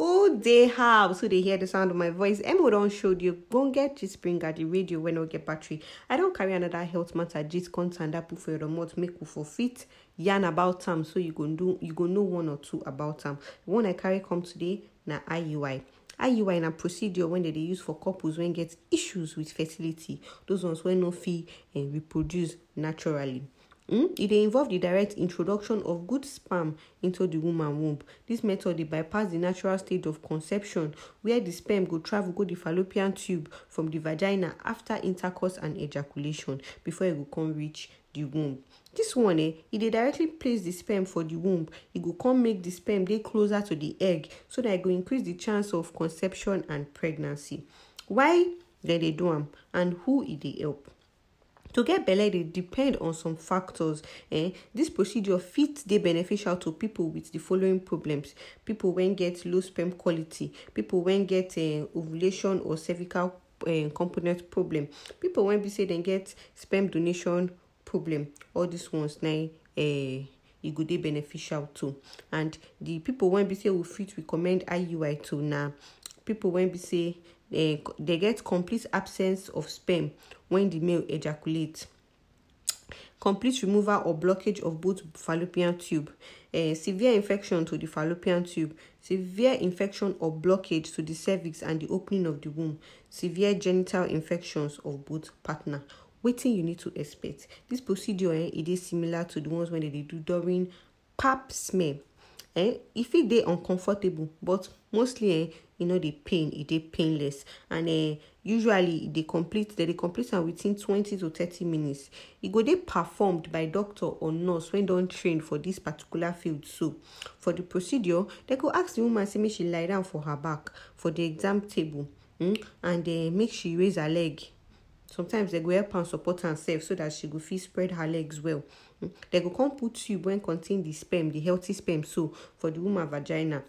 Oh, they have. So they hear the sound of my voice. we don't show you. Go get this spring at the radio when I get battery. I don't carry another health matter. Just content that put for your remote, make you for fit. Yarn about them so you can do you go know one or two about them. one I carry come today na IUI. IUI a procedure when they, they use for couples when get issues with fertility. Those ones when no fee and eh, reproduce naturally. um e dey the direct introduction of good sperm into the woman womb. This method dey bypass the natural state of conception where the sperm go travel go the fallopian tube from the vagina after intercourse and ejaculation before it e go come reach the womb. This one eh, it e dey directly place the sperm for the womb. It e go come make the sperm dey closer to the egg so that e go increase the chance of conception and pregnancy. Why Then they do them, and who it dey help? to get belle dey depend on some factors Eh, this procedure fit dey beneficial to people with the following problems people when get low sperm quality people when get um ovulation or cervical um component problem people when be say they get sperm donation problem all these ones na eh, it e go dey beneficial to and the people when be say we fit recommend iui to now. people when be say they, they get complete absence of sperm when the male ejaculates complete removal or blockage of both fallopian tube uh, severe infection to the fallopian tube severe infection or blockage to the cervix and the opening of the womb severe genital infections of both partner Waiting, you need to expect this procedure eh, e dey similar to the ones when they do during pap smear eh, e fit dey uncomfortable but mostly eh, you know the pain it dey painless and eh, usually they complete they dey complete am within twenty to thirty minutes It e go dey performed by doctor or nurse when don't train for this particular field so for the procedure they go ask the woman say me she lie down for her back for the exam table mm, and eh, make she raise her leg sometimes they go help and support herself so that she go fit spread her legs well mm. They go come put tube wey contain the sperm the healthy sperm so for the woman vagina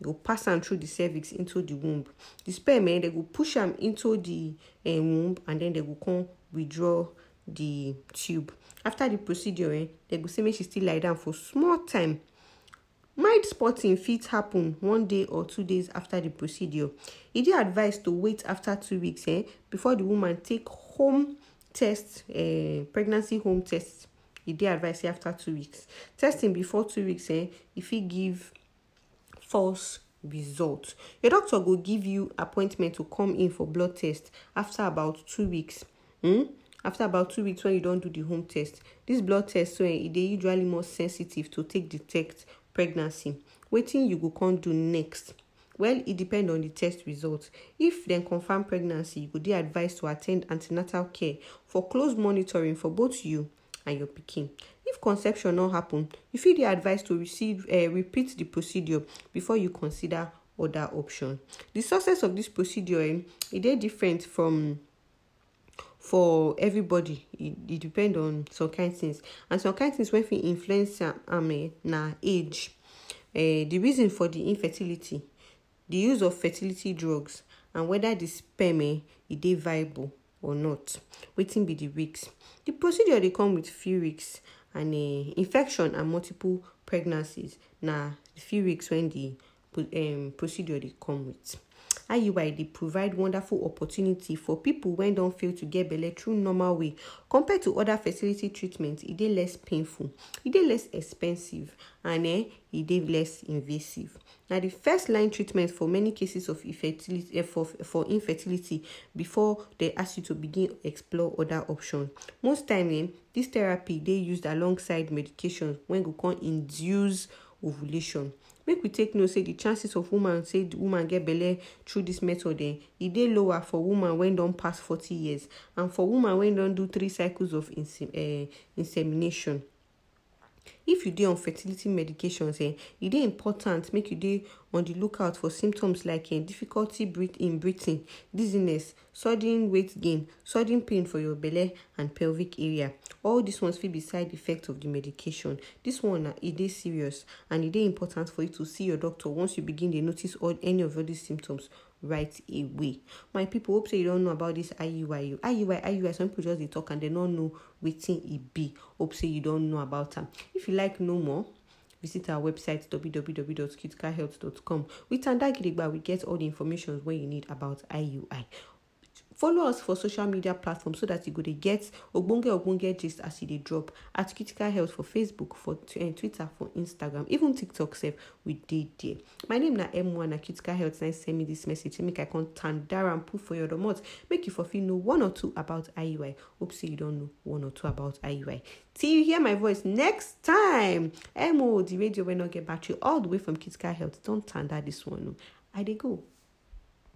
they go pass am through the cervix into the womb the sperm eh, they go push am into the eh, womb and then they go come withdraw the tube after the procedure eh, they go say make she still lie down for small time mild spotting fit happen one day or two days after the procedure e dey advised to wait after two weeks eh, before the woman take home test uh, pregnancy home test e dey advised say after two weeks testing before two weeks eh, e fit give false result your doctor go give you appointment to come in for blood test after about two weeks hmm? after about two weeks when you don do the home test this blood test so eh, e dey usually more sensitive to take detect pregnancy wetin you go come do next well e depend on the test result if dem confam pregnancy you go dey advised to at ten d an care for close monitoring for both you and your pikin if conception no happen you fit dey advised to receive uh, repeat the procedure before you consider other option the success of this procedure um, e dey different from for everybody e e depend on some kind things and some kind things wey fit influence am um, na age uh, the reason for the infertility the use of fertility drugs and whether the sperm is eh, dey viable or not Waiting be the weeks. the procedure they come with few weeks and eh, infection and multiple pregnancies Now the few weeks when the um, procedure they come with iui dey provide wonderful opportunity for people wey don fail to get belle through normal way compared to other fertility treatments, e dey less painful e dey less expensive and eh, e dey less invasive na the first line treatment for many cases of infertility eh, for, for infertility before they ask you to begin explore other options most times, eh, this therapy dey used alongside medication wey go come induce ovulation make we take note say the chances of woman say the woman get belle through this method eh e dey lower for woman wey don pass forty years and for woman wey don do three cycles of inse uh, insemination if you dey on fertility medications eh, e dey important make you dey on the lookout for symptoms like eh difficulty breath in breathing dizziness sudden weight gain sudden pain for your belle and pelvic area all these ones fit be side effects of the medication this one na e dey serious and e dey important for you to see your doctor once you begin dey notice all any of all these symptoms right away. My people, hope say you don't know about this IUIU. IUI, IUI, some people just they talk and they don't know waiting it be. Hope say you don't know about them. If you like no more, visit our website www.kitkahealth.com. With Tanda we get all the information when you need about IUI follow us for social media platforms so that you go to get ogbonge ogbonge gist as they drop at critical health for facebook for eh, twitter for instagram even tiktok self we did there my name na m1 at critical health na send me this message make i come tandara and put for your domot make you for feel know one or two about iui hope say you not know one or two about iui till you hear my voice next time mo the radio will not get battery all the way from critical health do turn that this one I dey go.